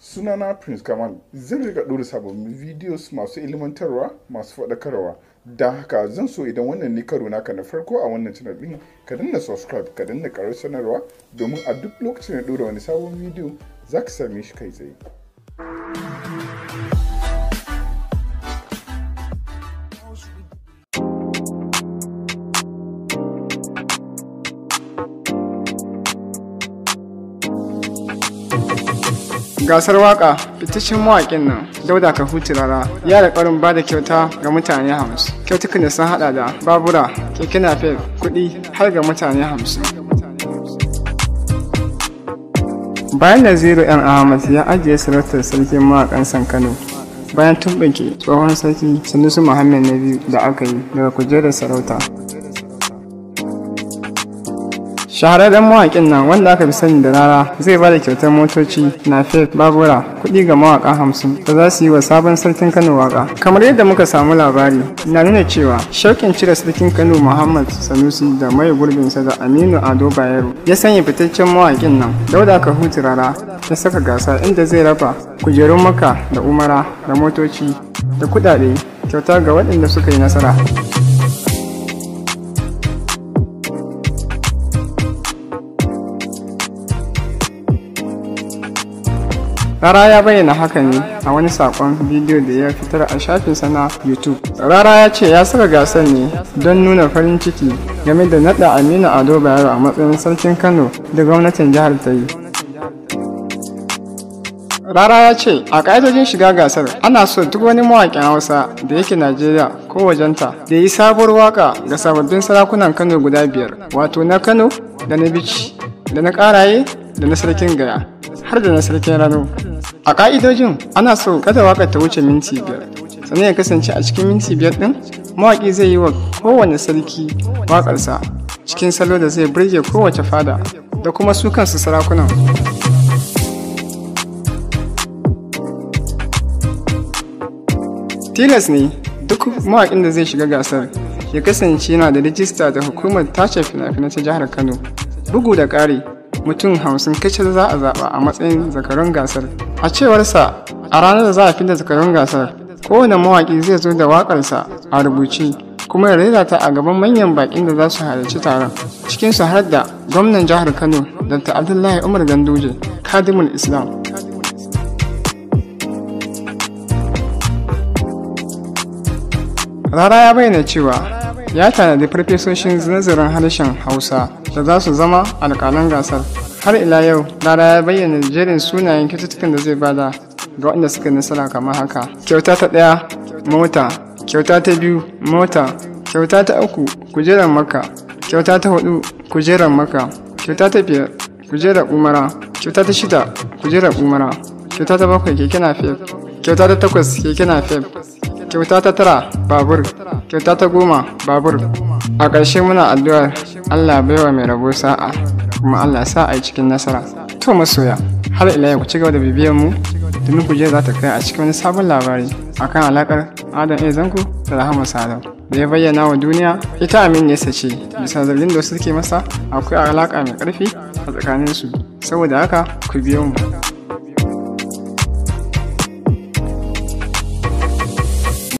sunana prince kamal zan rika ɗora sababbin videos masu ilimantarwa masu faɗakarwa don haka zan so idan wannan ne karo naka na farko a wannan channel ɗin ka danna subscribe ka danna karar sanarwa domin a duk lokacin da ɗora wani sabon video za ka same shi kai tsaye gasar waka fitaccen mawaƙin nan dauda kahuti rara ya da ƙarin ba da kyauta ga mutane hamsin kyautukan da sun haɗa da babura keke fe kuɗi har ga mutane hamsin bayan naziru yan ahmad ya ajiye sarautar sarkin mawaƙan san kano bayan tumbake tsohon sarki sanusu muhammad na biyu da aka yi daga kujerar sarauta shahararren mawaƙin nan wanda aka fi sani da rara zai ba da kyautar motoci na nafef babura kuɗi ga mawaƙa hamsin da za su yi wa sabon sarkin kano waƙa kamar yadda muka samu labari na nuna cewa shaukin cire sarkin kano muhammad sanusi da mai gurbinsa da aminu ado bayero ya sanya fitaccen mawaƙin nan dauda aka hutu rara ya saka gasa inda zai raba kujerun maka da umara da motoci da kuɗaɗe kyauta ga waɗanda suka yi nasara Rara ya bayyana haka ne a wani sakon bidiyo da ya fitar a shafinsa na YouTube. Rara ya ce ya saka gasar ne don nuna farin ciki game da nada Aminu Ado Bayero a matsayin sarkin Kano da gwamnatin jihar ta yi. Rara ya ce a ƙa'idojin shiga gasar ana so duk wani mawaƙin Hausa da yake Najeriya ko wajenta da yi sabuwar waƙa ga sababbin sarakunan Kano guda biyar wato na Kano da na Bichi da na Ƙaraye da na Sarkin Gaya har da na Sarkin Rano. A ƙa'idojin ana so kada waƙar ta wuce minti biyar, sannan ya kasance a cikin minti biyar ɗin mawaƙi zai yi wa kowane sarki waƙarsa cikin salo da zai burge kowace fada da kuma su kansu sarakunan. Tilas ne duk mawaƙin da zai shiga gasar ya kasance yana da rijista da hukumar tace fina-finai ta jihar Kano. Bugu da ƙari, mutum hamsin kacal za a zaɓa a matsayin zakarun gasar a cewarsa a ranar da za a fita zakarun gasar kowane mawaƙi zai zo da waƙarsa a rubuce kuma ya rera ta a gaban manyan baƙin da za su halarci taron cikinsu har da gwamnan jihar kano dr abdullahi umar ganduje kadimul islam rara ya bayyana cewa ya tanadi farfesoshin nazarin harshen hausa da za su zama alƙalan gasar har ila yau rara ya bayyana jerin sunayen kyaututtukan da zai bada ga waɗanda suka nasara kamar haka kyauta ta ɗaya mota kyauta ta biyu mota kyauta ta uku kujerar maka kyauta ta hudu kujerar maka kyauta ta biyar kujerar umara kyauta ta shida kujerar umara kyauta ta bakwai keke na fef kyauta ta takwas keke na fef kyauta ta tara babur kyauta ta goma babur a ƙarshe muna addu'ar allah baiwa mai rabo sa'a kuma allah sa'a cikin nasara to masoya har ila ku ci gaba da bibiyar mu domin ku je za ta kai a cikin wani sabon labari akan alakar adam a zanku da rahama Salam. da ya bayyana wa duniya ita amin ne ce bisa zargin da suke masa akwai alaka mai karfi a tsakanin su saboda haka ku biyo mu